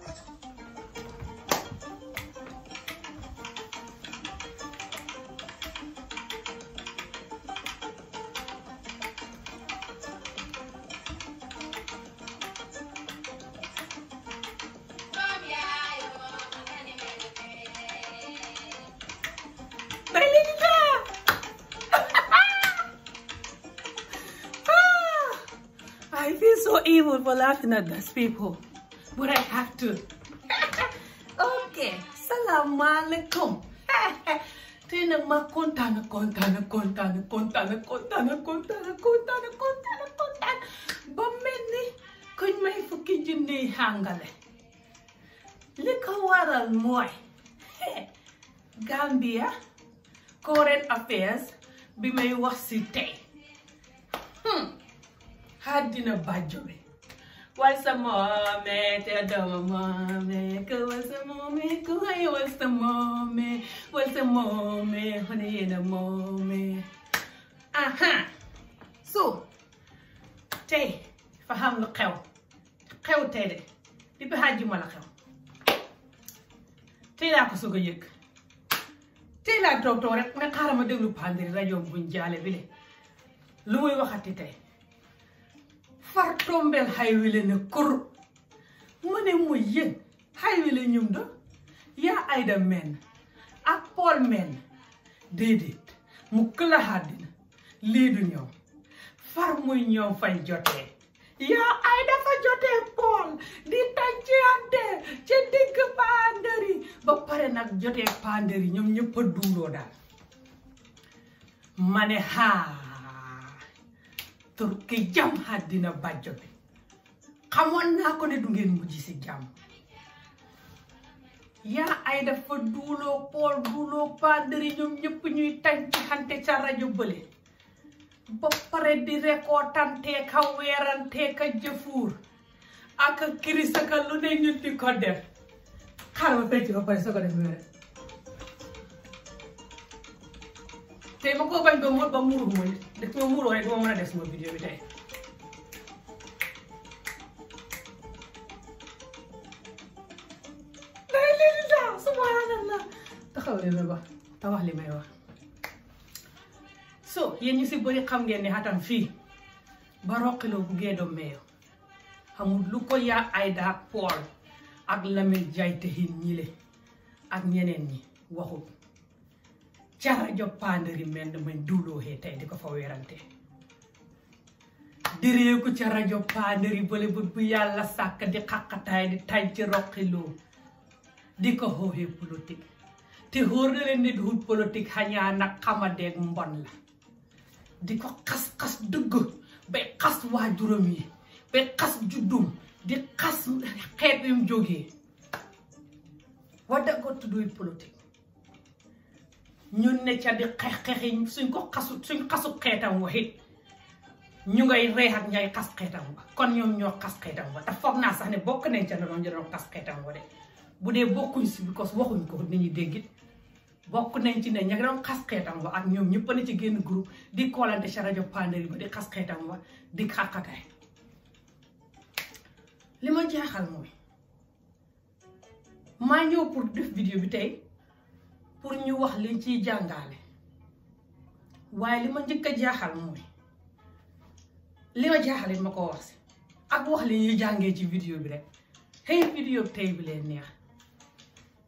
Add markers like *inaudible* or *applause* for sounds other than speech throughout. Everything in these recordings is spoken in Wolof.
*laughs* Ah! I feel so evil for laughing at those people. acteur *laughs* ok salaamaaleykum tey *laughs* nag ma kontaan kontaan kontaan kontaan kontaan kontaan kontaan kontaan kontaan ba mel kuñ may fukki junni yi hàngale li ko waral mooy *laughs* Gambia current affairs bi may wax si tey àddina hmm. bàjjo What's a moment? What's a moment? What's a moment? What's a moment? What's a moment? Honey, in e a moment. Aha! So, tey fa lu xew xew tey de depuis àjjuma la xew tey laa ko soog a yëg tey laa toog toog ne xaaral ma déglu Pandor rajo buñ jaale bi le lu muy waxati far tombeel haywile ne kur mu ne mu yéen haywile ñum do yaa Aida men ak Paul men déedéet mu këla haddina lii du ñoom far muy ñoom fay jotee yaa Aida fa jotee Paul di tànciyante ci digg pandëri ba pare nag jotee pandëri ñoom ñëpp a duuloo daal ma ne haa turki jam àddina bàjjo bi xamoon naa ko ne du ngeen si jàmm yaa ay dafa duuloo pool duuloo pandëri ñoom ñëpp ñuy tànc xante ca rajo bële ba pare di rekoo tantee ka weerantee ka jëfuur ak kirisa ka lu ne ñun ko def xaaral ma fecc ba pare soo ko def tey ma koo bañ ba mu ba muur mooy daf ma muuroo rek duma mën a def sama vidéo bi tey day léegi daa subhanallah taxaw leen ma ba te wax li may wax so yéen ñu si bëri xam ngeen ne xatam fii ba roqiloo bu geedoo meeyo xamul lu ko yaa Aida ak Paul ak Lamine Jaay tëhin ñile ak ñeneen ñi waxul carajo paandiri men min duulo he tawde ko faw werante direeko carajo paandiri bole bo yalla sakka di hakkatayde tañci rokkilo di ko ho he politique te horɗelen nde ɗum politique hañana kamade bonla di ko kas kas duggo ɓe kas wajurom yi kas juddum di kas xeeɓem jogee wadda gottudoy politique ñu ne ca di xeex suñ ko xasu suñ xasu xeetam wa it ñu ngay reex ak ñay xas xeetam ba kon ñoom ñoo xas xeetam ba te foog naa sax ne bokk nañ ca doon ñu doon xas xeetam ba de bu dee bokkuñ si because waxuñ ko ni ñu déggit bokk nañ ci ne ña ngi doon ak ñoom ñëpp na ci génn groupe di koolante ca rajo Panderi ba di xas xeetam ba di xàqataay li ma jaaxal mooy maa ñëw pour def vidéo bi tey pour ñu wax liñ ciy jàngale waaye li ma njëkk a jaaxal mooy li ma jaaxal ma ko wax si ak wax li ñuy jàngee ci vidéo bi rek xëy vidéo bi tey bi leen neex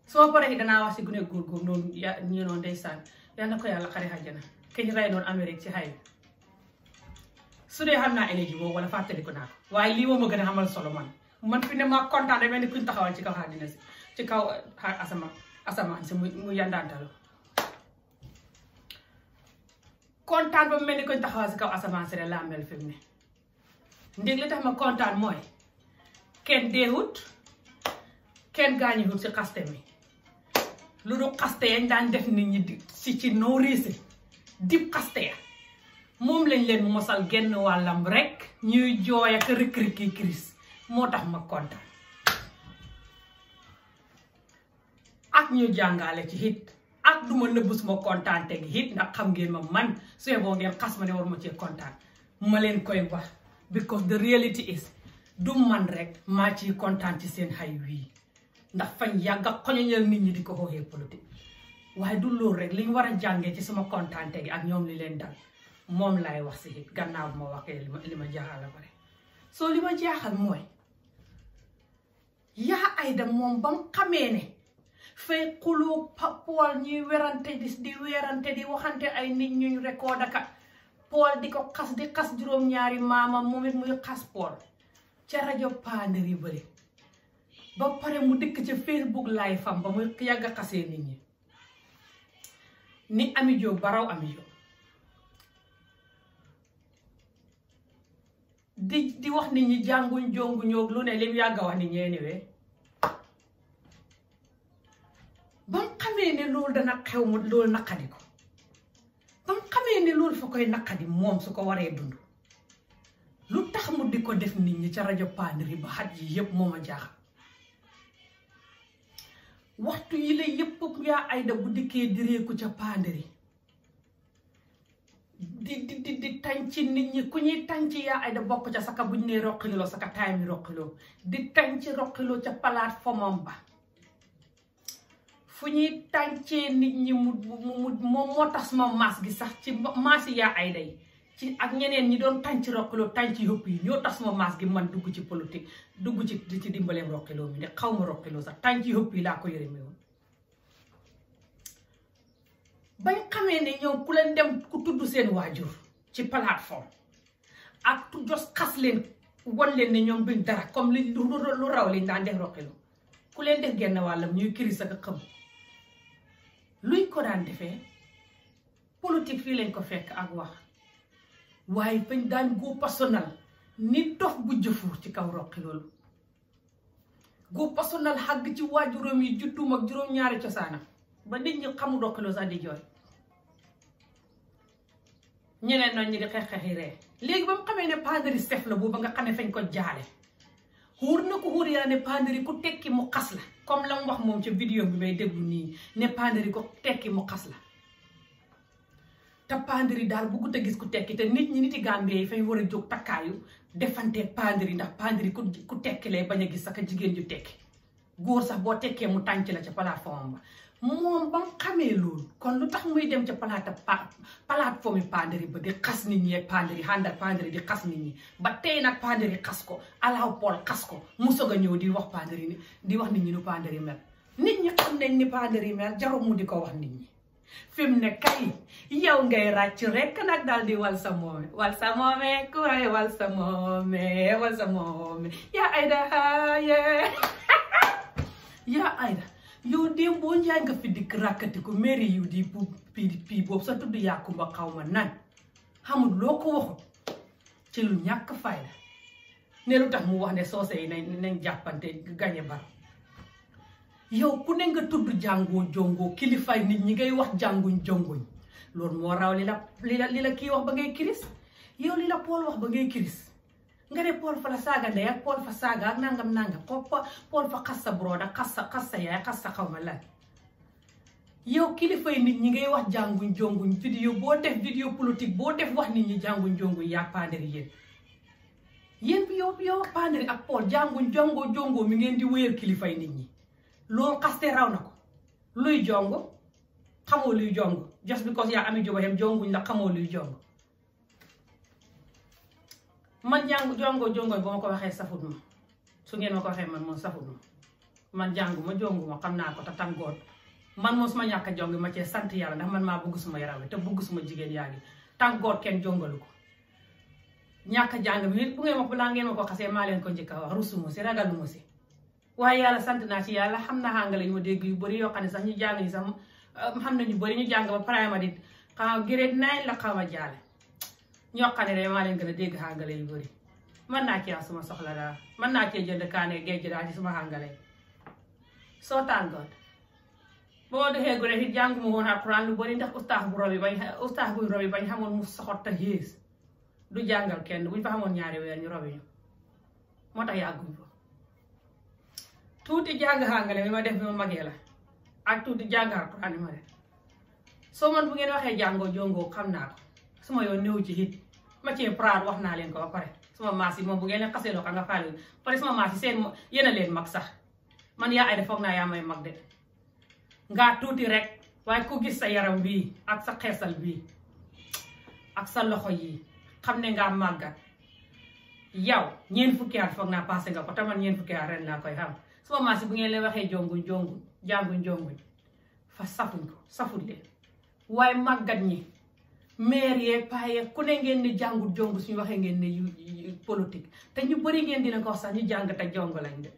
soo paree danaa wax si gune góor góor noonu ya ñu noonu ndeysaan yal na ko yàlla xare àjjana ki ñu rey noonu Amérique ci xay su dee xam naa énergie boobu wala fàttali ko naa ko waaye lii moom ma gën a xamal solo man man fi ne ma kontaan da mel ni kuñ taxawal ci kaw àddina si ci kaw asama asamaan si muy muy kontaan ba mel ni koñ taxawal si kaw asamaan si rek laa mel fi ne ndég tax ma kontaan mooy kenn deewut kenn gaañuwut si xaste mi lu du xaste yañ daan def nit ñi si ci noo riisi dib xaste ya moom lañ leen mosal genn wàllam rek ñuy jooy ak rikk kiris moo tax ma kontaan ak ñu jàngale ci hit ak du ma nëbb suma kontaan te gi hit ndax xam ngeen ma man su boo ngeen xas ma ne war ma cee kontaan ma leen koy wax because the reality is du man rek maa ci kontaan ci seen xay wii ndax fañ yàgg a xoñoñal nit ñi di ko xooxee politique waaye du loolu rek li ñu war a jàngee ci sama kontaante gi ak ñoom li leen dal moom laay wax si hit gannaaw bu ma waxee li ma li ma jaaxal soo li ma jaaxal mooy yaa ayda moom ba mu xamee ne fee xuloo Paul ñuy werante di werante di waxante ay nit ñuñ record aka Paul di ko xas di xas juróom-ñaari maamam muy xas Paul ca rajo Panderi bële ba pare mu dëkk ca Facebook live fam ba muy yàgg a xasee ñi ni Ami baraw Ami di di wax ni ñi jànguñ jonguñoog lu ne lim yàgg wax nit ñee anyway xamee ne loolu dana xew mu loolu naqadi ko ba mu ne loolu fa koy naqadi moom su ko waree dund lu tax mu di ko def nit ñi ca rajo Panderi ba xat yi yëpp moom a jaaxal waxtu yi la yëpp yaa Aida bu dikkee direeku ca Panderi di di di di tànc nit ñi ku ñuy tànc yaa Aida bokk ca saka buñ nee roqiloo saka taay mi roqiloo di tànc roqiloo ca palaat am ba fu ñuy tàncee nit ñi mu mu moom moo tax ma maas gi sax ci maas yi yaa ay ci ak ñeneen ñi doon tànc roqiloo tànc yëpp yi ñoo tax sama maas gi man dugg ci politique dugg ci ci dimbaleem roqiloo mi ne xaw ma roqiloo sax tànc yëpp yi laa ko yërëme woon bañ xamee ne ñoom ku leen dem ku tudd seen waajur ci plateforme ak tu jos xas leen wan leen ne ñoom duñ dara comme li lu raw liñ daan def roqiloo ku leen def genn wàllam ñuy kiri sa ka xam luñ ko daan defee politique fii lañ ko fekk ak wax waaye bañ daan go personnel ni dof bu jëfur ci kaw roqi loolu go personnel xàgg ci waa juróom yi juddum juróom-ñaari cosaanam ba nit ñi xamu roqi loolu sax di jooy ñeneen noonu ñi di xeex xeexi ree léegi ba mu xamee ne pandari sef la booba nga xam ne fañ ko jaale xuur na ko xuur yaa ne pandari ku tekki mu xas la comme la mu wax moom ca vidéo bi may déglu nii ne pandari ko tekki mu xas la te pandari daal bëggut a gis ku tekki te nit ñi niti Gambie yi fay war a jóg takkaayu defante pandari ndax pandari ku ku tekki lay bañ a gis sax jigéen ju tekki góor sax boo tekkee mu tànc la ca plateforme ba moom ba mu xamee kon lu tax muy dem ca palaata pa plateforme yi ba di xas nit ñi pandéri handal pandéri di xas nit ñi ba tey nag pandéri xas ko alaaw pool xas ko mu soog a ñëw di wax pandéri ni di wax nit ñi nu pandéri mel nit ñi xam nañ ni pandéri mel jarul mu di ko wax nit ñi fi mu ne kay yow ngay ràcc rek nag daal di wal sa moome wal sa moome ku waaye wal sa moome wal sa moome yaa ayda ayda *laughs* yow démb njaay nga fi dikk rakkati ko mairie yu di bu pii boobu sa tudd yàkkumba xaw ma nan xamul loo ko waxut ci lu ñàkk fayda ne lu tax mu wax ne soose yi nañ nañ jàppante gañe bar yow ku ne nga tudd jàngoo jongoo kilifay nit ñi ngay wax jànguñ jonguñ loolu moo raw li la li la li kii wax ba ngay kiris yow li pool wax ba ngay kiris nga ne Paul fa la saaga ndey ak Paul fa saaga ak nangam nangam ko Paul fa xas sa broda xas sa sa yaay xas sa xaw ma lan yow kilifay nit ñi ngay wax jànguñ jonguñ vidéo boo def vidéo politique boo def wax nit ñi jànguñ jonguñ yaa pandari yéen yéen yow yow ak Paul jànguñ jongoo jongoo mi ngeen di wéyal kilifay nit ñi loolu xaste raw na luy jongo xamoo luy jongo just because yaa ami jobayam jonguñ la xamoo luy jongo man jàng jongo jongo ba ma ko waxee safut ma su ngeen ma ko waxee man moom safut ma man jàngu ma jongu ma xam naa ko te tàngoor man moom suma ñàkk a jong ma cee sant yàlla ndax man maa bugg suma yaram te bugg suma jigéen yaa ngi tàngoor kenn jongalu ko ñàkk jàng bi nit bu ngeen ma ko xasee maa leen ko njëkk a wax rusuma si ragaluma si waaye yàlla sant naa ci yàlla xam naa àngale yu ma dégg yu bëri yoo ne sax ñu jàng ñi sax xam ñu bëri ñu jàng ba primary xaw grade nine la xaw a jaale ñoo xam ne maa leen gën dégg xàngale yu bëri mën naa cee am suma soxla daal mën naa cee jënd kaane géej daal ci suma xàngale soo tàngoon boo doxee gone it jàng mu bañ ustaas mu soxot te yées du jàngal kenn buñ fa xamoon ñu robi yàgguñ ko tuuti jàng xàngale mi ma def bi ma magee la ak tuuti jàng alxuraan mi ma def soo man bu ngeen waxee jàngoo jongoo xam naa ko suma yoon néew ci it Mathieu Prade wax naa leen ko ba pare sama maas yi moom bu ngeen leen xasee loo xam nga seen yéen a mag sax man yaa ay de foog naa yaa may mag de ngaa tuuti rek waaye ku gis sa yaram bii ak sa xeesal bii ak sa loxo yi xam ne ngaa màggat yaw ñeent fukki at foog naa passé nga ko taman ñeent fukki at ren laa koy xam sama maas yi bu ngeen leen waxee jonguñ jonguñ jànguñ jonguñ fa safuñ ko safuñ leen waaye màggat ñi maire yeeg ku ne ngeen ni jàngut jong suñu waxee ngeen ne yu te ñu bëri ngeen dina ko wax sax ñu jàng te jong lañ de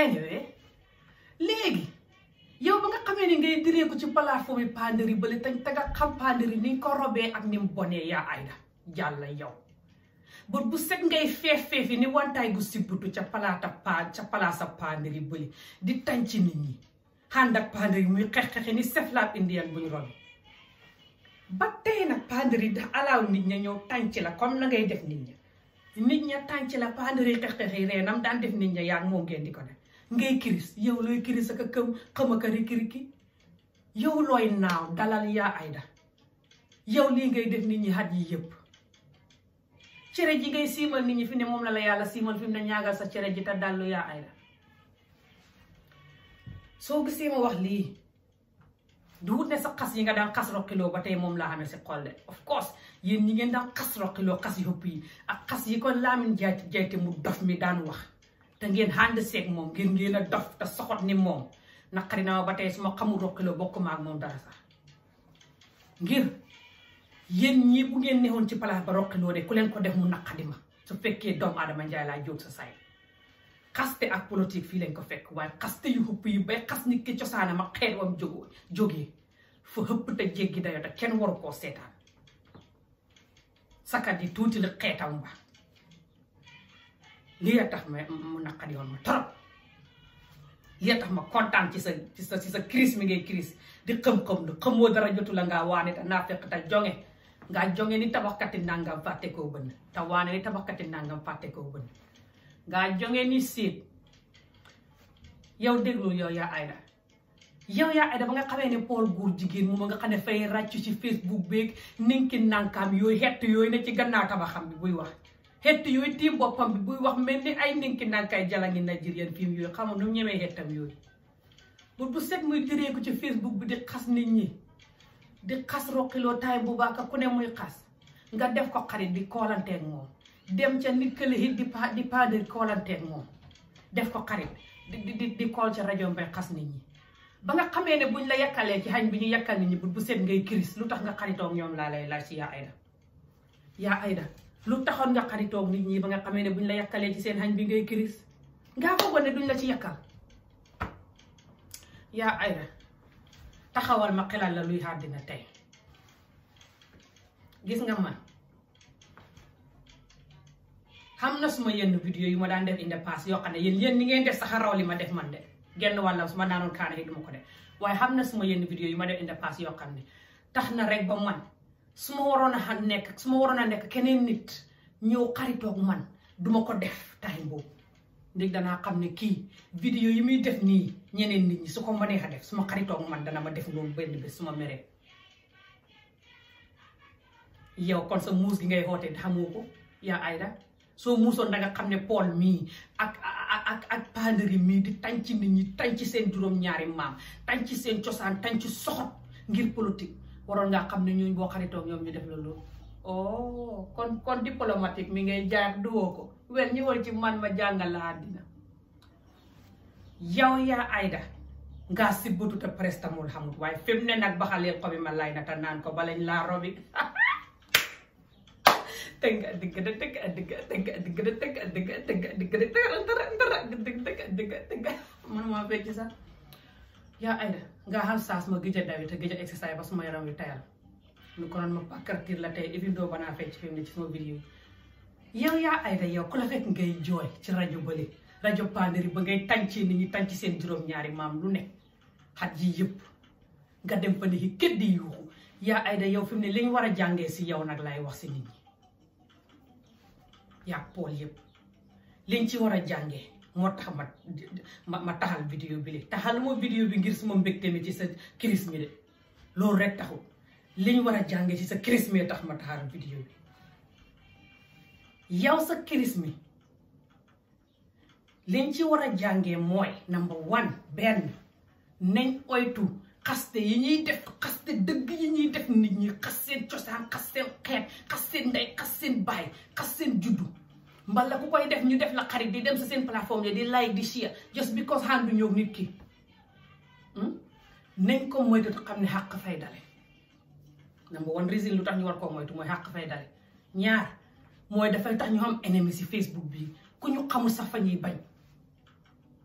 anyway eh, eh. léegi yow ba nga xamee ni ngay diree ko ci plateforme yi pandéri bële tañ te nga xam pandéri ni ko robee ak ni mu bonee yaa ayda jàlla yow bët bu set ngay feef feefi ni wantaay gu sibbutu ca palaata pa ca yi pandéri bële di tañ ci nit ñi xànd ak pandéri muy xex-xexi ni seflaab indian buñ robe ba tey nag pandari da alaaw nit ña ñëw tànc la comme na ngay def nit ña nit ña tànc la pandari xex-xex yi daan def nit ña yaa moom ngeen di ko def kiris yow looy kiris ak a këm xam ak a rikiriki yow naaw dalal yaa ayda yow lii ngay def nit ñi xat yi yëpp cere ji ngay siimal nit ñi fi ne moom la la yàlla siimal fi mu ne ñaagal sa cere ji te dallu yaa ayda soo gisee ma wax lii du wut ne sa xas yi nga daan xas roqiloo ba tey moom laa xamee si xol de of course yéen ñi ngeen daan xas roqiloo xas yu ëpp yi ak xas yi ko laamin jaay jayte mu dof mi daan wax te ngeen hànd seek moom ngeen ngeen a dof te soxot ni moom naqari naa ba tey su ma xamul roqiloo bokkuma maak moom dara sax ngir yéen ñi bu ngeen neexoon ci palaas ba roqiloo de ku leen ko def mu naqadi ma su fekkee doomu adama njaay laa jóg sa say xaste ak politique fii lañ ko fekk waaye xaste yu xëpp yu bay xas nit ki cosaanam ak xeet wam jógoo jógee fa xëpp te jéggi dayo te kenn waru koo seetaan sakat yi tuuti li xeetam ba lii ya tax ma mu naqari woon ma torop lii ya tax ma kontaan ci sa ci sa ci sa crise mi ngay crise di xëm-xëm lu xëmoo dara jotu la ngaa waane te naa fekk te jonge ngaa jonge ni tabaxkati nangam fàtte koo bënn te waane ni tabaxkati nangam fàtte koo bënn ngaa jonge ni siit yow déglu yow ya Aida yow yaa Aida ba nga xamee ne Paul góor jigéen moom nga xam ne fay ràccu ci Facebook beeg ninki nankaam yooyu xett yooyu ne ci gannaaw tabax xam bi buy wax xett yooy tiim boppam bi buy wax mel ni ay ninki nankay jalangi Nigerian film yooyu xamul nu ñemee xettam yooyu bu bu set muy diree ko ci Facebook bi di xas nit ñi di xas roqiloo taay bu baax ku ne muy xas nga def ko xarit bi koolanteeg moom dem ca nit kële it di pa di moom def ko xarit di di di kool ca rajo mbay xas nit ñi ba nga xamee ne buñ la yàkkalee ci xañ bi ñu yàkkal nit ñi bu set ngay kiris lu tax nga xaritoog ñoom laa lay laaj si yaa ayda yaa lu taxoon nga xaritoog nit ñi ba nga xamee ne buñ la yàkkalee ci seen xañ bi ngay kiris ngaa foogoon ne duñ la ci yàkkal yaa ayda taxawal ma xelal la luy xaar dina tey gis nga man xam na suma yenn vidéo yu ma daan def in the past yoo ne yéen yéen ni ngeen def sax raw li ma def man de genn wàllam su ma daanoon kaana yi du ma ko def waaye xam na suma yenn vidéo ma def in the past xam ne tax na rek ba man su ma waroon a nekk su waroon a nekk keneen nit ñëw xaritoog man duma ko def time boobu léegi danaa xam ne kii vidéo yi muy def nii ñeneen nit ñi su ko ma neex def su ma xaritoog man dana ma def loolu benn bi su ma meree yow kon sa muus gi ngay xootee xam ko yaa Ayda soo muusoon danga xam ne Paul mii ak ak ak pandari mii di tànc nit ñi ci seen juróom-ñaari maam ci seen cosaan tànc soxot ngir politique waroon ngaa xam ne ñuñ boo xaritoog ñoom ñu def loolu oh kon kon diplomatique mi ngay jaar duwoo ko wel ñëwal ci man ma jàngal la àddina yow yaa Aida ngaa si bututa prestamul xamut waaye fi mu ne nag baxaleen xobi ma lay na te naan ko balañ laa robi *laughs* tënk digg da tënk digg tënk digg da digg tënk digg da tënk ndara digg tënk digg man maa fecc sax yaa Aida nga xam saas ma gëj a dawi te gëj a exercice ba suma yaram wi tayal lu konoon ma pàkkartir la tey et ci sama vidéo yow yaa Aida yow ku la fekk ngay jooy ci rajo bële rajo Panderi ba ngay tànc nit ñi tànc seen juróom-ñaari maam lu ne xat yi yëpp nga dem fa ni ki kët di yuuxu yaa Aida yow fi mu ne li ñu war a jàngee si yow nag laay wax si nit yaag pool yëpp liñ ci war a jànge moo tax ma ma taxal vidéo bi li taxal moo bi ngir suma mbégte mi ci sa crise mi de loolu rek taxul liñ war a jàngee ci sa crise mi tax ma taxal vidéo bi yow sa crise mi liñ ci war a jànge mooy number one benn nañ oytu xaste yi ñuy def xaste dëgg yi ñuy def nit ñi xas seen cosaan xas seen xeet xas seen ndey xas seen baay xas seen juddu mbala ku koy def ñu def la xarit di dem si seen plateforme di like di share just because xandu ñëw nit ki hmm? nañ ko moytu xam ni xàq fay dale number one reason lu tax ñu war koo moytu mooy xàq fay dale ñaar mooy dafay tax ñu am ennemi si Facebook bi ku ñu xamul sax fa ñuy bañ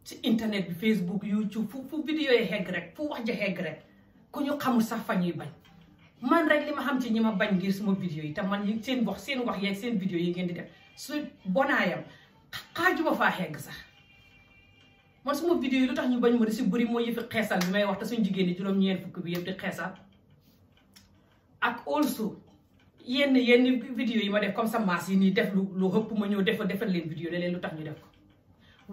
ci internet bi Facebook YouTube fu fu vidéo yi xegg rek fu wax ja xegg rek ku ñu xamul sax fa ñuy bañ man rek li ma xam ci ñi ma bañ ngir suma vidéo yi te man yi seen wax seen wax yeeg seen vidéo yi ngeen di def su bonaayam xaajuma faa xegg sax man suma vidéo yi lu tax ñu bañ ma di si bëri mooy yëpp xeesal bi may wax te suñ jigéen di juróom-ñeent fukk bi yëpp di xeesal ak also yenn yenn vidéo yi ma def comme ça maas yi nii def lu lu hëpp ma ñëw defal defal leen vidéo ne leen lu tax ñu def ko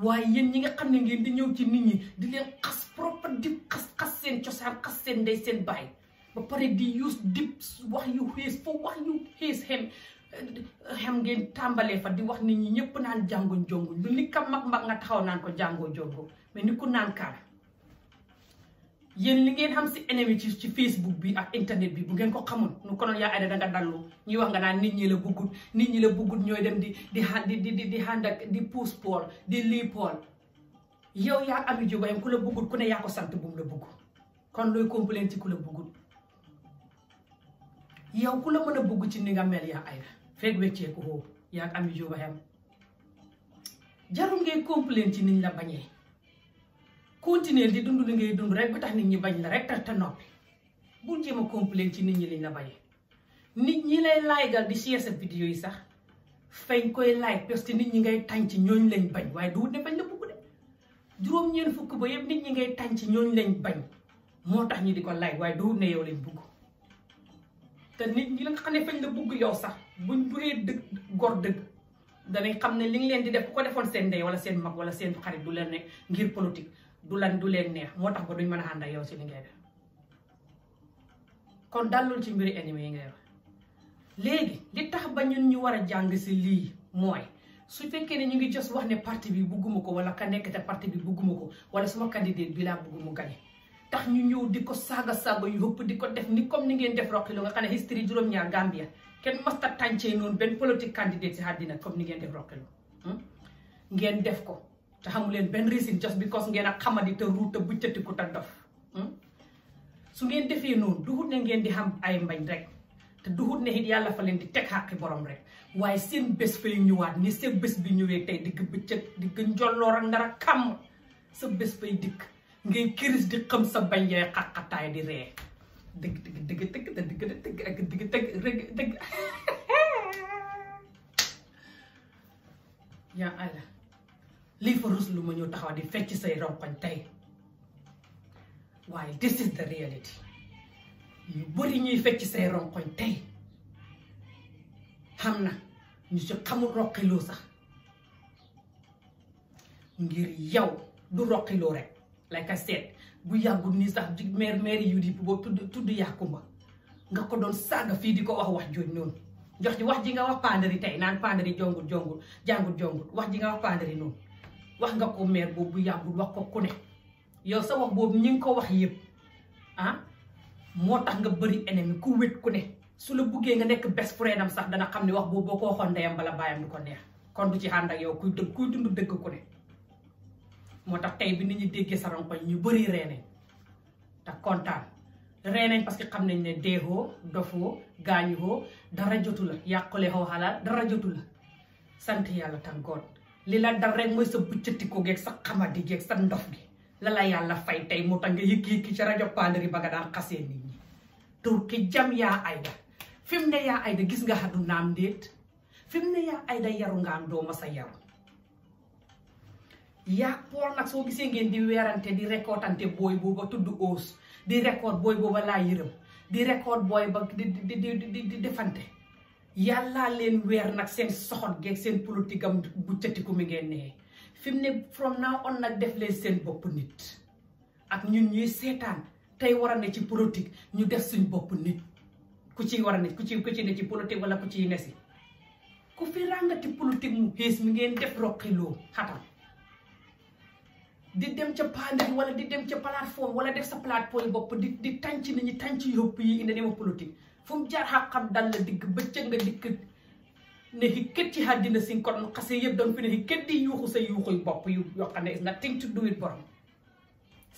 waaye yéen ñi nga xam ne ngeen di ñëw ci nit ñi di leen xas propre dip xas xas seen cosaan xas seen ndey seen baay ba pare di use dip wax yu xees foo wax yu xees xem xam ngeen tàmbalee fa di wax ni ñi ñëpp naan jàngo jongo lu ni kam mag mag nga taxaw naan ko jàngo jongo mais ni ku naan kaar yéen li ngeen xam si ennemi ci ci Facebook bi ak internet bi bu ngeen ko xamul nu konoon yaa Aida da nga dallu ñuy wax nga naan ni ñi la buggut nit ñi la buggut ñooy dem di di di di di di puus pool di lii pool yow yaa Amie Jobe ku la buggut ku ne yaa ko sant bu la bugg kon looy complain ci ku la buggut yow ku la mën a bugg ci ni nga mel yaa Aida fekk wecceeku ko yaa Amie Jobe am jarul ngay complain ci niñ la bañee continuer di dundu li ngay dund rek ba tax nit ñi bañ la rek te te noppi bul jéem a complain ci nit ñi liñ la bañee nit ñi lay laygal di share sa vidéo sax fañ koy like parce que nit ñi ngay tànc ñooñ lañ bañ waaye du wut ne bañ la bugg de juróom-ñeent fukk ba yëpp nit ñi ngay ci ñooñ lañ bañ moo tax ñi di ko like waaye du wut ne yow lañ bugg te nit ñi la nga xam ne fañ la bugg yow sax buñ buggee dëgg gor dëgg danañ xam ne li nga leen di def ku ko defoon seen ndey wala seen mag wala seen xarit bu leen nekk ngir politique du lan du leen neex moo tax ba duñ mën a ànd ak yow si li ngay def kon dallul ci mbiri ennemi yi ngay wax léegi li tax ba ñun ñu war a jàng si lii mooy su fekkee ni ñu ngi jos wax ne parti bi bugguma ko wala ka nekk te parti bi bugguma ko wala suma candidat bi laa bugg mu tax ñu ñëw di ko saaga saaga yu hëpp di ko def ni comme ni ngeen def roqi lu nga xam ne history juróom-ñaar Gambia kenn masta tàncee noonu benn politique candidate si àddina comme ni ngeen def roqilu hmm? ngeen def ko te xamu leen benn reason just because ngeen a xamadi te ruut te buccatiku te dof su ngeen defee noonu duxut ne ngeen di xam ay mbañ rek te duxut ne it yàlla leen di teg xàqi borom rek waaye seen bés fay ñëwaat ni seen bés bi ñëwee tey digg bëccëg digg njolloor ak ndara kàmm sa bés fay dikk ngay kiris di xam sa bañ yay xaqataay di ree dëgg dëgg dëgg dëgg da dëgg da dëgg ak dëgg dëgg lii fa rus lu ma ñëw taxaw di fecc say ronkoñ tey waaye this is the reality ñu bëri ñuy fecc say ronkoñ tey xam na ñu ci xamul roqiloo sax ngir yow du roqiloo rek like I said bu yàggul nii sax maire maire yu di boobu tudd tudd yàkkumba nga ko doon saaga fii di ko wax wax jooj noonu jox ji wax ji nga wax pandari tey naan pandari jongul jongul jàngul jongul wax ji nga wax pandari noonu wax nga ko maire boobu yàggul wax ko ku yow sa wax boobu ñi ngi ko wax yëpp ah moo tax nga bëri ennemi ku wét ku ne su la buggee nga nekk best friend am sax dana xam ne wax boobu boo ko waxoon ndeyam bala bàyyam du ko neex kon du ci ànd ak yow kuy dëgg kuy dund dëgg ku ne moo tax tey bi ni ñi déggee sa ronkoñ ñu bëri reenañ te kontaan reenañ parce que xam nañ ne deexoo dofoo gaañuwoo dara jotu la yàqule xoo xalaat dara jotu la sant yàlla tàngoor li la dal rek mooy sa buccatiku geeg sa xamadi geeg sa ndof gi la la yàlla fay tey moo tax nga yëkki-yëkki ci rajo paandari ba nga daan xasee nit ñi tur ki jam yaa ayda fi ne yaa ayda gis nga xadu naam ndéet fi ne yaa ayda yaru nga dooma sa yaru yaa pool nag soo gisee ngeen di weerante di récordante booy booba tudd oos di record booy booba laa yërëm di record booy ba di di di di defante yàllaa leen weer nag seen soxot geeg seen politique am bu cëtiku mi ngeen nee fi mu ne from now on nag def leen seen bopp nit ak ñu ñuy seetaan tey war a ne ci politique ñu def suñ bopp nit ku ci war a ne ku ci ku ne ci politique wala ku ci ne si ku fi ràngati mu xiis mi ngeen def roqiloo xatal di dem ca panel wala di dem ca plateforme wala def sa palaat plateforme bopp di di tànc nit ñi tànc yópp yi indi ne ma politique fu mu jaar xam dal la digg bëccëg nga dikk ne xikkat ci àddina si nga ko doon xase yëpp doon fi ne xikkat di yuuxu sa yuuxuy bopp yu yoo xam ne is nothing to do with borom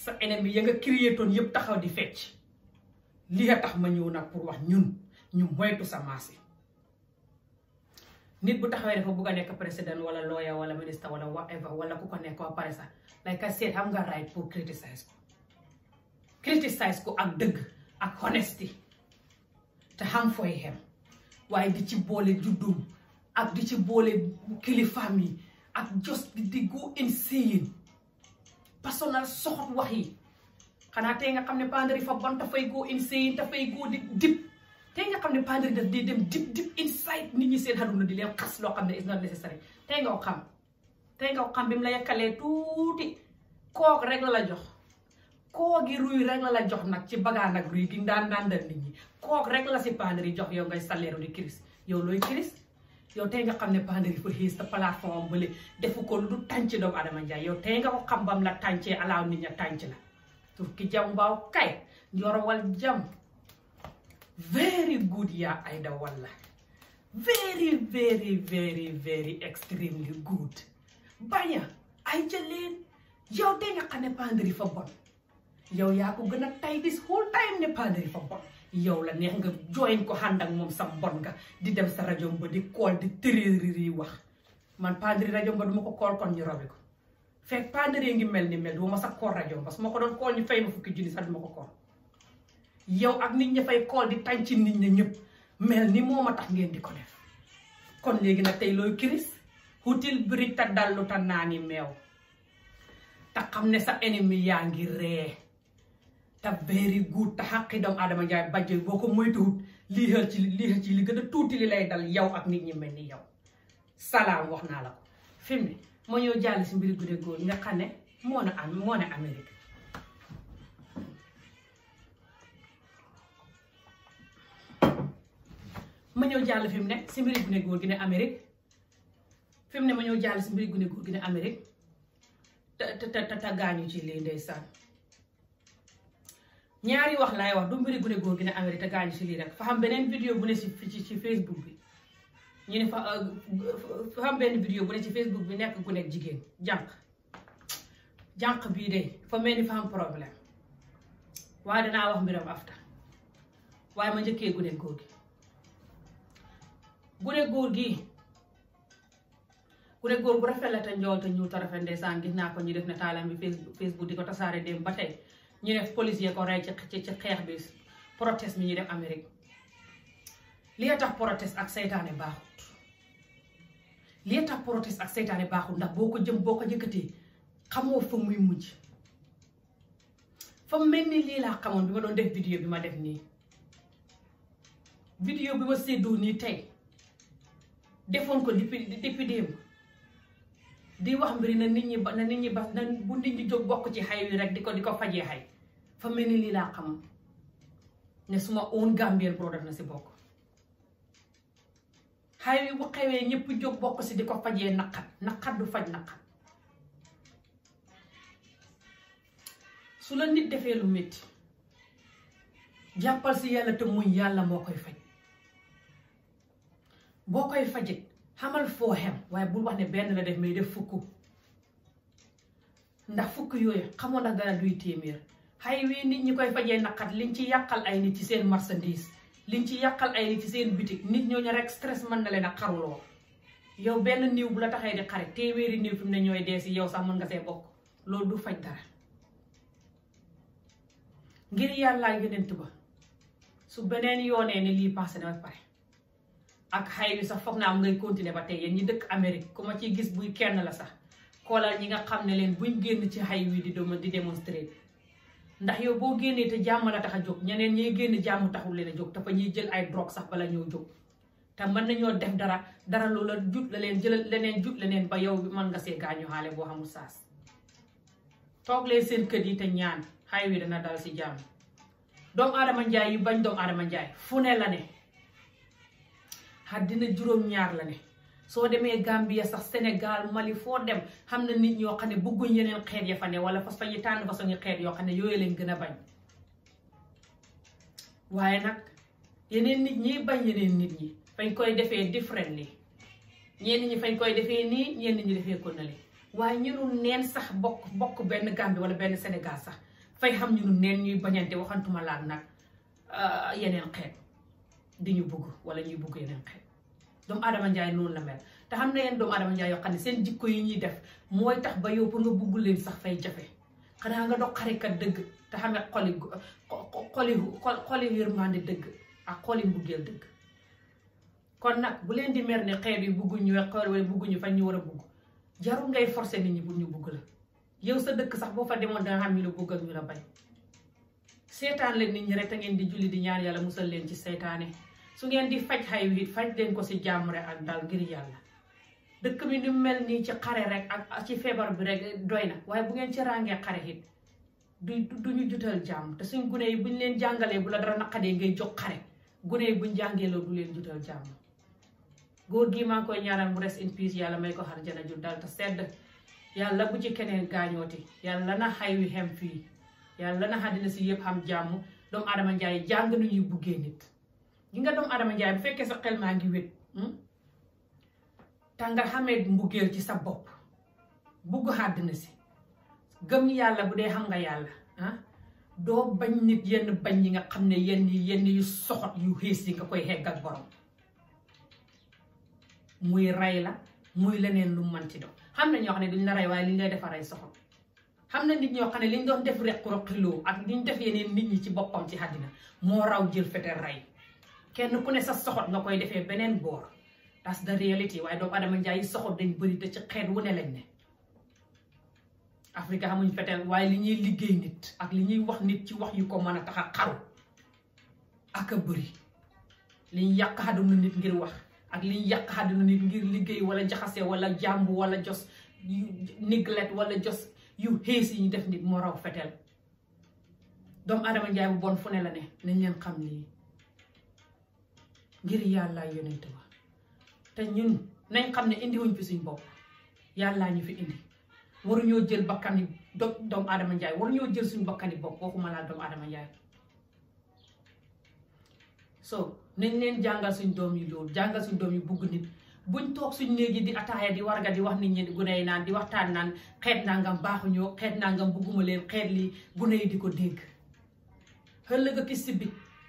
sa ennemi ya nga créé yëpp taxaw di fecc li a tax ma ñëw nag pour wax ñun ñu moytu sa maas yi nit bu taxawee dafa bugg a nekk président wala lawyer wala ministre wala whatever wala ku ko nekk ba pare sax like I said xam nga right pour criticize ko criticize ko ak dëgg te xam fooy xem waaye di ci boole juddum ak di ci boole kilifaam yi ak just di go and see it personal soxot wax yi xanaa tey nga xam ne pandri fa bon dafay go and see it dafay goo di dip tey nga xam ne pandri daf dee dem dip dip inside nit ñi seen aduna di leen xas loo xam ne is not necessary tey nga xam te nga xam bi mu la yekkalee tuuti koog rek la la jox koo gi ruy rek la la jox nag ci bagaan ak ruy gi ndaan ndaan dal nit ñi kook rek la si pandri jox yow ngay salaire di kiris yow looy kiris yow tey nga xam ne pandri fa xiis sa plateforme bële defu ko lu du tànc doomu Adama Ndiaye yow tey nga bam la tàncee alaaw nit ña tànc la turki jam baaw kay njorowal jam very good yaa Aida Walla very very very extremely good baña ay jëleen yow tey nga ne pandri fa bon yow yaa ko gën a tay this whole time ne pandri fa bon yow la neex nga join ko xànd ak moom sa mbon nga di dem sa rajo ba di kool di tërërëri wax man pandiri rajo ba du ma ko kool kon ñu robi ko fekk pandiri ngi mel ni mel du ma sa kool rajo ba su ma ko doon kool ñu fay ma fukki junni sax du ma ko kool yow ak nit ña fay kool di tànc nit ña ñëpp mel ni moom a tax ngeen di ko def kon léegi nag tey looy kiris hutil biri ta dallu ta naani meew te xam ne sa ennemi yaa ngi ree a very good te xaqi doomu aadama njaay bàjjen boo ko moytuwut lii xër ci lii xër li gën a tuuti li lay dal yow ak nit ñi ni yow salaam wax naa la ko fi mu ne moo ñëw jàll si mbiri gudde góor am moo ne Amérique ma ñëw jàll fi ne si mbiri gune góor gi ne Amérique fi ne ma ñëw jàll si mbiri gune góor gi ne Amérique te te te gaañu ci lii ndeysaan ñaari wax laay wax du mbiri gune góor gi ne Amérique te gaañu si lii rek fa beneen vidéo bu ne si ci Facebook bi ñu ne fa bu ne ci Facebook bi nekk gune ak jigéen jànq jànq bii de fa mel ni fa am problème waaye danaa wax mbiram afta waaye ma njëkkee gune góor gi gune góor gi gune góor gu rafet la te njool te ñuul te rafet ndeysaan gis naa ko ñu def na taalam bi Facebook di ko tasaare dem ba tey ñu def police yi ko rey ci xeex bi protest mi ñu def Amérique li tax protest ak seytaane baaxut li tax protest ak seytaane baaxut ndax boo ko jëm boo ko yëkkatee xamoo fa muy mujj fa mel ni lii laa xamoon bi ma doon def vidéo bi ma def nii vidéo bi ma séddoo nii tey defoon ko depuis depuis démb di wax mbiri na nit ñi ba na nit ñi ba na bu nit ñi jóg bokk ci xay wi rek di ko di ko fajee xay fa ni lii laa xam ne suma own Gambien boo def na si bokk xay wi bu xewee ñëpp jóg bokk si di ko fajee naqat naqat du faj naqat su la nit defee lu metti jàppal si yàlla te muñ yàlla moo koy faj boo koy fajit xamal foo xem waaye bul wax ne benn la def mais def fukk ndax fukk yooyu xamoon na dara duy téeméer xay wi nit ñi koy fajee naqat liñ ci yàqal ay nit ci seen marchandise liñ ci yàqal ay nit ci seen bitik nit ñooñu rek stress mën na leen a xaruloo yow benn niiw bu la taxee di xare téeméeri niiw fi mu ne ñooy dee si yow sax mën nga see bokk loolu du faj dara ngir yàllaa yonent ba su beneen yoonee ne lii passé na ba pare ak xay wi sax foog naa am ngay continuer ba tey yéen ñi dëkk Amérique ku ma gis buy kenn la sax koolal ñi nga xam ne leen buñ génn ci xay wi di doon di démontrer ndax yow boo génnee te jàmm la tax a jóg ñeneen ñiy génn jàmm taxul leen a jóg te fa ñuy jël ay drogue sax bala ñëw jóg te mën nañoo def dara dara loola jut la leen jëlal leneen jut leneen ba yow mën nga see gaañu xaale boo xamul saas toog leen seen kër yi te ñaan xay wi dana dal si jàmm doomu aadama njaay yi bañ doomu aadama njaay fu ne la ne dina juróom-ñaar la ne soo demee gàmbi ya sax Sénégal Mali foo dem xam na nit ñoo xam ne bëgguñ yeneen xeet ya fa ne wala fas fa ñu tànn façon ngi xeet yoo xam ne yooyu leen gën a bañ waaye nag yeneen nit ñi bañ yeneen nit ñi fañ koy defee differently ñenn ñi fañ koy defee nii ñenn ñi defee ko nale waaye ñu nu neen sax bokk bokk benn Gambie wala benn Sénégal sax fay xam ñu nu neen ñuy bañante waxantuma laat nag euh, yeneen xeet di ñu bugg wala ñuy bugg yeneen xeet doomu aadama njaay noonu la mel te xam na yeen doomu aadama njaay yoo xam ne seen jikko yi ñuy def mooy tax ba yow pour nga bugg sax fay jafe xanaa nga dox xarikat dëgg te xam ne xoli xoli xoli yërmande dëgg ak xoli mbuggeel dëgg kon nag bu leen di ne xeet yi bugguñu xeet wala bugguñu fan ñu war a bugg jarul ngay forcer nit ñi pour ñu bugg la yow sa dëkk sax boo fa demoon danga xam ñu la bugg ak ñu la bañ seetaan leen nit ñi rek te ngeen di julli di ñaan yàlla musal leen ci seytaane su ngeen di faj xay wi faj leen ko si jàmm rek ak dal ngir yàlla dëkk bi ni mel nii ci xare rek ak ci feebar bi rek doy na waaye bu ngeen ci ràngee xare it du du ñu jutal jàmm te suñ gune yi buñ leen jàngalee bu la dara naqadee ngay jóg xare gune yi buñ jàngee la du leen jutal jàmm góor gi maa ngi koy ñaanal mu rest in peace yàlla may ko xar jana ju dal te sedd yàlla bu ci keneen gaañooti yàlla na xay wi xem fii yàlla na àddina si yëpp xam jàmm doomu aadama njaay jàng nu ñuy buggee gi nga doomu Adama Njaay bu fekkee sa xel maa ngi wét hmm? te nga xamee mbugéel ci sa bopp bugg xàddina si gëm yàlla bu dee xam nga yàlla ah? doo bañ nit yenn bañ yi nga xam ne yenn yenn yu soxot yu xiis yi nga koy xegg ak muy rey la muy leneen lu mën ci dox xam na ñoo xam ne duñ la rey waaye li ñu lay defa rey soxot xam na nit ñoo xam ne liñ doon def req roqiloo ak liñ def yeneen nit ñi ci boppam ci àddina moo raw jël fetel rey kenn ku ne sa soxot nga koy defee beneen boor that's the reality waaye doomu adama njaay yi soxot dañ bëri te ci xeet wu ne lañ ne Afrique xamuñ feteel waaye li ñuy liggéey nit ak li ñuy wax nit ci wax yu ko mën a tax a xaru ak a bëri li ñu yàq àdduna nit ngir wax ak li ñu yàq àdduna nit ngir liggéey wala jaxase wala jàmb walla jos neglect wala jos yu xees yi ñu def nit moo raw feteel doomu adama njaay bu bon fu ne la ne nañ leen xam nii ngir yàlla yonent ba te ñun nañ xam ne indi indiwuñ fi suñ bopp yàllaa ñu fi indi waruñoo jël bakkani do doomu aadama njaay waruñoo jël suñ bakkani bopp waxuma laa doomu aadama njaay so nañ leen jàngal suñ doom yi loolu jàngal suñ doom yi bugg nit buñ toog suñ néeg yi di ataaya di warga di wax nit ñi gune yi naan di waxtaan naan xeet nangam baaxuñoo xeet nangam bugguma leen xeet li gune yi di ko dégg xëllëg a ki si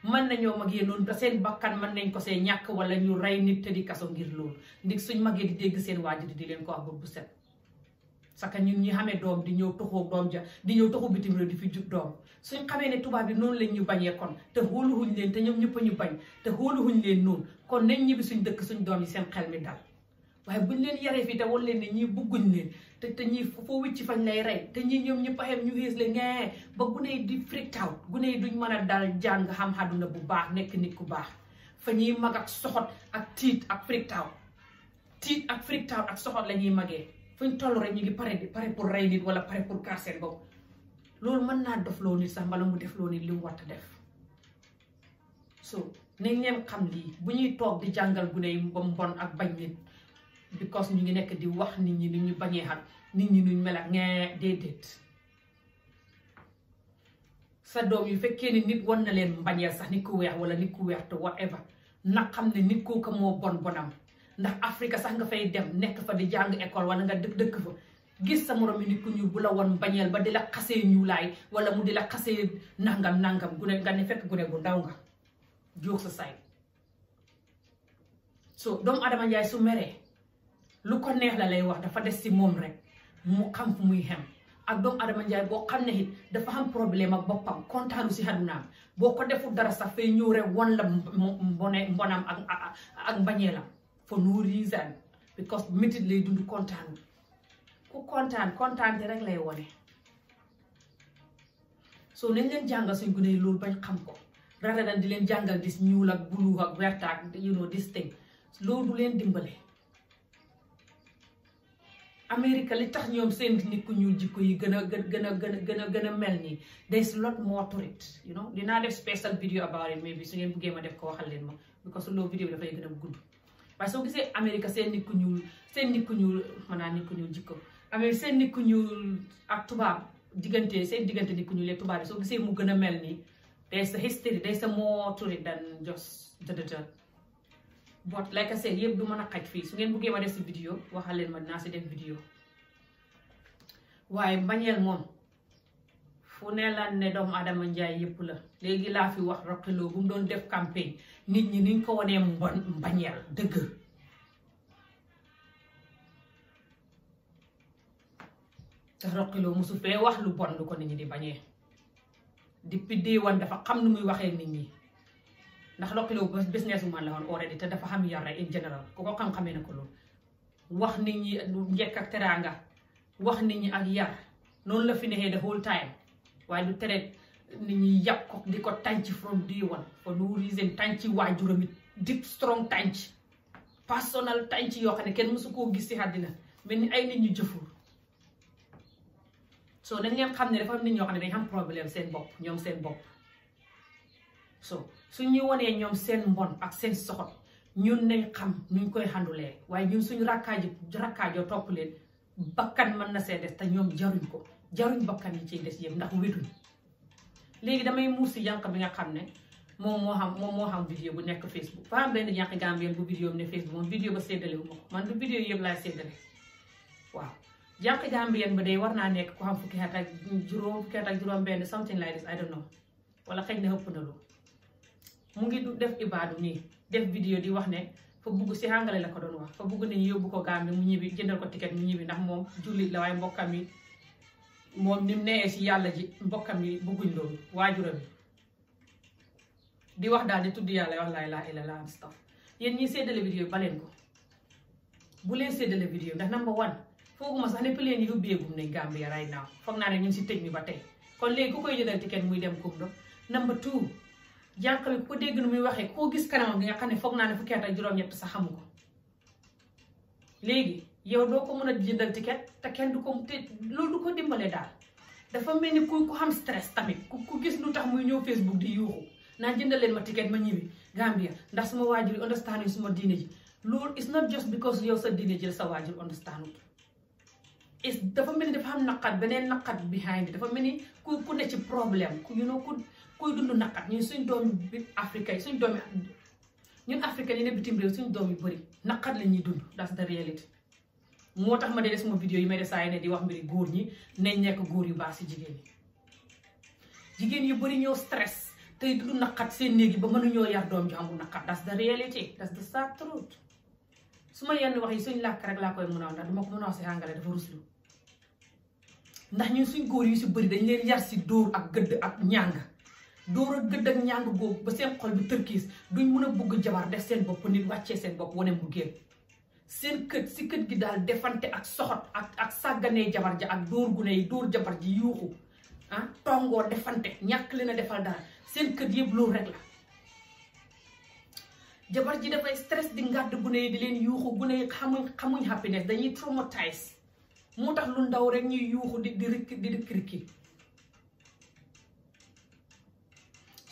mën nañoo magee noonu te seen bakkan mën nañ ko see ñàkk wala ñu rey nit te di kaso ngir loolu ndig suñ magee di dégg seen waajur di leen ko wax bu set saka ñun ñi xamee doom di ñëw toxoo doom ja di ñëw toxu bitim réew di fi jub doom suñ xamee ne tubaab yi noonu lañ ñu bañee kon te xóoluhuñ leen te ñoom ñëpp ñu bañ te xóoluhuñ leen noonu kon nañ ñibbi suñ dëkk suñ doom yi seen xel mi dal waaye buñ leen yaree fii te wan leen ne ñii bugguñ leen te te ñii foo wicc fañ lay rey te ñii ñoom ñu paxem ñu xiis leen ngee eh, ba gune yi di freak out gune yi duñ mën a dal jàng xam àdduna bu baax nekk nit ku baax fa ñuy mag ak ak tiit ak freak out tiit ak ak soxot la ñuy magee fuñ toll rek ñu ngi pare pare pour rey nit wala pare pour kaar loolu mën naa dof loo nit sax mbala mu def loo nit li mu war def so nañ leen xam lii bu ñuy toog di jàngal gune yi ba ak bañ nit because ñu ngi nekk di wax nit ñi ni ñu bañee xam nit ñi nuñ mel ak ngee déedéet sa doom yu fekkee ni nit wan na leen mbañeel sax nit ku weex wala nit ku weex te whatever na xam ne nit ko moo bon bonam ndax Afrique sax nga fay dem nekk fa di jàng école wala nga dëkk dëkk fa gis sa moroom nit ku ñuul bu la won mbañeel ba di la xasee ñuulaay wala mu di la xasee nangam nangam gune nga ne fekk gune gu ndaw nga jóog sa saay so doomu adama njaay su meree lu ko neex la lay wax dafa des si moom rek mu xam fu muy xem ak doomu adama njaay boo xam ne it dafa xam problème ak boppam kontaanu si xadunaam boo ko deful dara sax fay ñëw rek won la mbonam ak ak mbañeelam for no reason because métit lay dund kontaanu ku kontaan kontaan te rek lay wone so nañ leen jàngal suñ gune yi loolu bañ xam ko rather than di leen jàngal dis ñuul ak bulu ak vert ak you know this thing loolu du leen dimbale Amérique li tax ñoom seen nit ku ñuul jikko yi gën a gën a gën a gën a gën a mel nii there's a lot more to it you know dinaa def special video about it su ngeen buggee ma def ko waxal leen ma because su loolu video bi dafay gën a gudd waaye soo seen nit ku ñuul seen nit ku ñuul maanaam nit ku ñuul seen nit ku ñuul ak tubaab diggante seen diggante nit ku ñuul soo gisee mu gën a mel nii there's a history there's a more to it than da da but like I said yëpp du mën a xaj fii su ngeen buggee ma def si vidéo waxal ma dinaa si def vidéo waaye mbañeel moom fu ne la ne doomu Adama Njaay yëpp la léegi laa fi wax roqiloo bu mu doon def campagne nit ñi niñ ko wanee mbon mbañeel dëgg te roqiloo mosu fee wax lu bon lu ko nit ñi di bañee depuis day wan dafa xam nu muy waxee nit ñi ndax Roqeelou business woman la woon already te dafa xam yar in general ku ko xam-xamee na ko loolu wax nit ñi njëkk ak teraanga wax nit ñi ak yar noonu la fi nekkee the whole time waaye lu tere nit ñi yàpp ko di ko tànc from day one for no reason tànc waajuram it deep strong tànc personal tànc yoo xam ne kenn mësu koo gis ci àddina mel ni ay nit ñu jëfur so dañ leen xam ne dafa am nit ñoo xam ne dañ am problème seen bopp ñoom seen bopp suñuy wonee ñoom seen mbon ak seen soxot ñun nañ xam nuñ koy xandulee waaye ñun suñu rakkaaji rakkaajoo topp leen bakkan mën na see des te ñoom jaruñ ko jaruñ bakkan yi ciy des yëpp ndax wétuñ léegi damay muur si jànq bi nga xam ne moom moo xam moom moo xam vidéo bu nekk Facebook ba am benn jànq gambien bu vidéo am ne Facebook moom vidéo ba séddale wu ma ko man du vidéo yëpp laay séddale waaw jànq gambien ba day war naa nekk ku xam fukki at ak juróom fukki at ak juróom benn something like this I don't know wala xëy na ëpp na loolu mu ngi du def ibaadu nii def vidéo di wax ne fa bugg si àngale la ko doon wax fa bugg nañu yóbbu ko Gàmbi mu ñibbi jëndal ko ticket mu ñibbi ndax moom jullit la waaye mbokkam yi moom ni mu nee si yàlla ji mbokkam yi bugguñ loolu waajuram di wax daal de tudd yàlla wax laa ilaaha illallaah staf yéen ñii séddale vidéo ba leen ko bu leen séddale vidéo ndax number one fooguma sax ne plane yi ubbeegum nañ Gambia right naaw foog naa ne ñu si tëj mi ba tey kon léegi ku koy jëndal ticket muy jànq bi ko dégg nu muy waxee koo gis kanamam bi nga xam ne foog naa ne fukki at ak sax xamu ko yow doo ko mën a jëndal ticket te kenn du ko te loolu du ko dimbalee daal dafa mel ni ku ku xam stress tamit ku ku gis lu tax muy ñëw Facebook di yuuxu naa jëndal leen ma ticket ma ñibbi Gambia ndax suma waajur yi understand yu suma diine ji loolu it's not just because yow sa diine ji la sa waajur understand is dafa mel ni dafa am naqat beneen naqat behind dafa mel ni ku ku ne ci problème ku you know ku kuy dund naqar ñun suñ doomi bi Afrique yi suñ doomi ñun Afrique yi ne bitim réew suñ doom yu bëri naqat la ñuy dund that's the moo tax ma dee sama vidéo yi may def saa yi ne di wax mbiri góor ñi nañ nekk góor yu baax si jigéen yi jigéen yu bëri ñoo stress tey dund naqar seen néeg yi ba mënuñoo yar doom ju amul naqar that's the reality that's the sad truth su ma yenn wax yi suñ lakk rek laa koy mun a ndax duma ko mun a si àngale dafa ruslu ndax ñun suñ góor yu si bëri dañ leen yar si dóor ak gëdd ak ñàng door a gëdd ak ñàng googu ba seen xol bi tërkiis duñ mën a bugg jabar def seen bopp nit wàccee seen bopp wane mu génn seen kër si kët gi daal defante ak soxot ak ak sàgganee jabar ja ak dóor gune yi dóor jabar ji yuuxu ah tongoo defante ñàkk leen a defal daal seen kër yëpp loolu rek la jabar ji dafay stress di ngàdd gune yi di leen yuuxu gune yi xamuñ xamuñ happiness dañuy traumatise moo tax lu ndaw rek ñuy yuuxu di di rikki di rikki rikki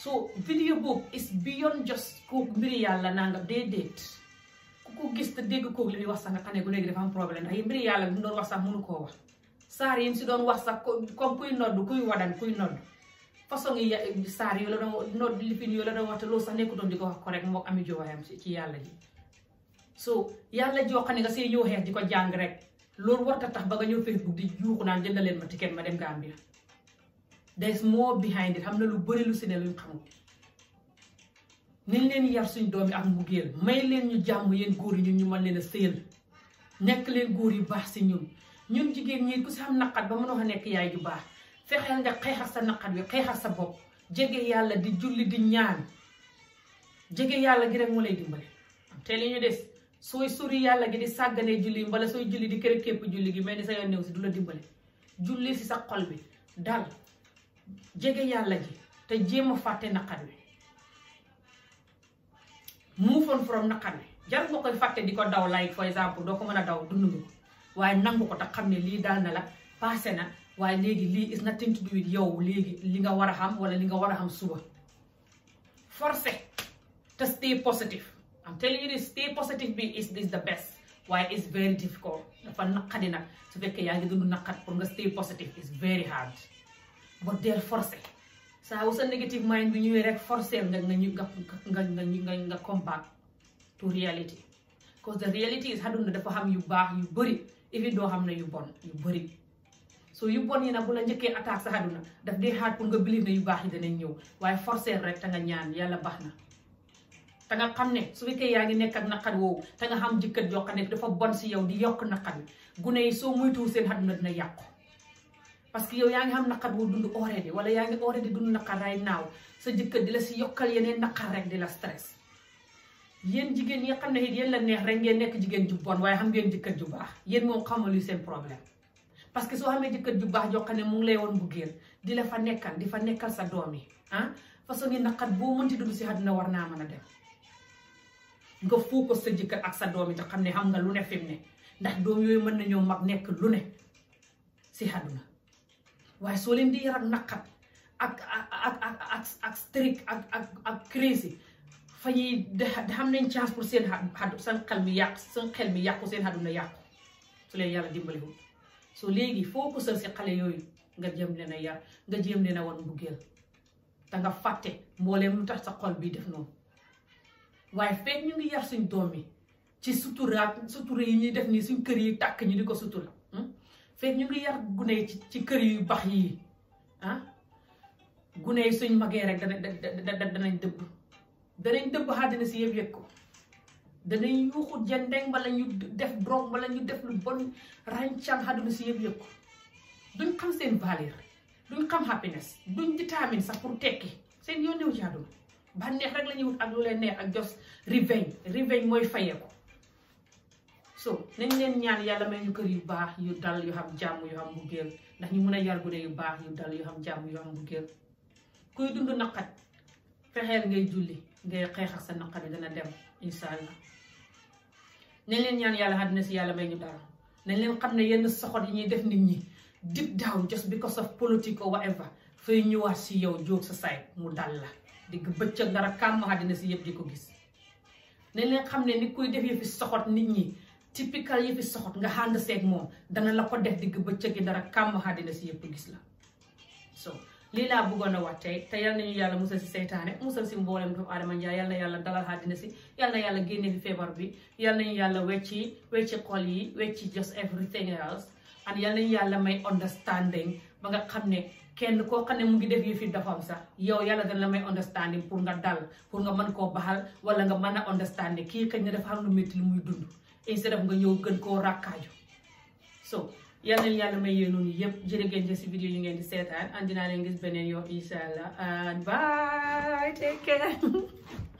so vidéo boobu is beyond just kooku mbiri yàlla nanga déedéet ku ko gis te dégg kooku li muy wax sax nga xam ne bu léegi dafa am problème ndax yi mbiri yàlla bi mu doon koo wax saar yi mu si doon wax sax comme kuy nodd kuy wadan kuy nodd façon yi saar yooyu la doon nodd lifin yooyu la doon wax te loolu sax nekku doon di ko wax ko rek moo ami jowaayam ci yàlla yi so yàlla joo xam ne nga see ñëw xeex di ko jàng rek loolu warta tax ba nga ñëw Facebook di yuuxu naan jëndaleen ma ticket ma dem there's more behind it xam na lu bari lu si ne luñ xamul nañ leen yar suñ doom yi ak mbugeel may leen ñu jàmm yéen góor yi ñun ñu mën leen a sëyal nekk leen góor yu baax si ñun ñu jigéen ñi ku si xam naqat ba mën wax nekk yaay ju baax fexeel nga xeexal sa naqat wi xeexal sa bopp jege yàlla di julli di ñaan jege yàlla gi rek mu lay dimbale te li ñu des sooy sori yàlla gi di sàgganee julli mbala sooy julli di kër képp julli gi mel ne sa yoon new si du la dimbale julli si bi jege yàlla ji te jéem a fàtte naqar wi muufoon from naqar wi jarul nga koy fàtte di ko daw like for exemple doo ko mën a daw dund nga ko waaye nangu ko te xam ne lii daal na la passé na waaye léegi lii is nothing to do with yow léegi li nga war a xam wala li nga war a xam suba forcé te stay positive I'm telling stay positive bi is is the best waaye it's very difficult dafa naqadi nag su fekkee yaa ngi dund naqat pour nga stay positive is very hard ba deel forcé saa wu sa négative mind bi ñëwee rek forcé nga nga ñu nga nga nga nga combat to reality cause the reality is àdduna dafa xam yu baax yu bëri even doo xam ne yu bon yu bëri so yu bon yi nag bu la njëkkee attaque sa àdduna daf dee xaar pour nga believe ne yu baax yi danañ ñëw waaye forcé rek te nga ñaan yàlla baax na te nga xam ne su fekkee yaa ngi nekk ak naqar woowu te nga xam jëkkër joo xam ne dafa bon si yow di yokk naqar bi gune yi soo muytuwul seen àdduna dina yàqu parce que yow yaa ngi xam naqar boo dund already wala yaa ngi already dund naqar right now sa jëkkër di la si yokkal yeneen naqar rek di la stress yéen jigéen yi xam ne it yéen la neex rek ngeen nekk jigéen ju bon waaye xam ngeen jëkkër ju baax yéen moom xamul lu seen problème parce que soo xamee jëkkër ju baax joo xam ne mu ngi lay woon buggeel di la fa nekkal di fa nekkal sa doom yi ah façon yi naqar boo mënti dund si àdduna war naa mën a dem nga sa jëkkër ak sa doom yi te xam ne xam nga lu ne fi mu ne ndax doom yooyu mën nañoo mag nekk lu ne si àdduna waaye soo leen di yar ak naqati ak ak ak ak ak strict ak ak ak crazy fa xam nañ chance pour seen xadu seen xel mi yàqu seen xel mi yàqu seen xaduna yàqu su leen yàlla dimbaliwul so léegi foo ko sal si xale yooyu nga jëm leen a yar nga jéem leen a wan mbuggeel da nga fàtte mbooleem lu tax sa xol bi def noonu waaye fekk ñu ngi yar suñ doom yi ci sutura sutura yi ñuy def nii suñ kër yi tàkk ñu di ko sutura fekk ñu ngi yar gune ci ci kër yu bax yi ah gune yi suñ magee rek dana danañ dëbb danañ dëbb àddina si yëpp yëg ko danañ yuuxu jendeng wala ñu def drogue wala ñu def lu bon ràncaan àddina si yëpp yëg ko duñ xam seen valeur duñ xam happiness duñ vitamine sax pour tekki seen yoon new ci ba bànneex rek la ñuy wut ak lu leen neex ak jos revenge revenge mooy fayeeku so nañ leen ñaan yàlla may ñu kër yu baax yu dal yu xam jàmm yu xam mbëggeel ndax ñu mun a yar gune yu baax yu dal yu xam jàmm yu xam mbëggeel kuy dund naqat fexeel ngay julli ngay xeex ak sa naqat yi dana dem incha allah nañ leen ñaan yàlla xaddina si yàlla may ñu dara nañ leen xam ne yenn soxot yi ñuy def nit ñi deep down just because of politics or whatever fay ñëwaat si yow jóg sa saay mu dal la digg bëccëg dara kàmm àddina si yëpp di ko gis typical yi fi soxot nga ànd seeg moom dana la ko def digg bëccëg dara kàmm àddina si yëpp gis la so lii laa bëggoon a wax tey te yal nañu yàlla musal si seytaane musal si mboolem doomu aadama njaay yal na yàlla dalal àddina si yal na yàlla génne feebar bi yal nañu yàlla wecci wecci xol yi wecci just everything else and yal nañu yàlla may understanding ba nga xam ne kenn koo xam ne mu ngi def yi fi dafam sax yow yàlla dana la may understanding pour nga dal pour nga mën koo baxal wala nga man a understanding kii kañ ne dafa am lu métti lu muy dund instead of nga ñëw gën koo rakkaaju so yal yàlla may yéen noonu yëpp jërë ngeen jëf si vidéo yi ngeen di seetaan and dinaa leen gis beneen yoon incha allah and *laughs*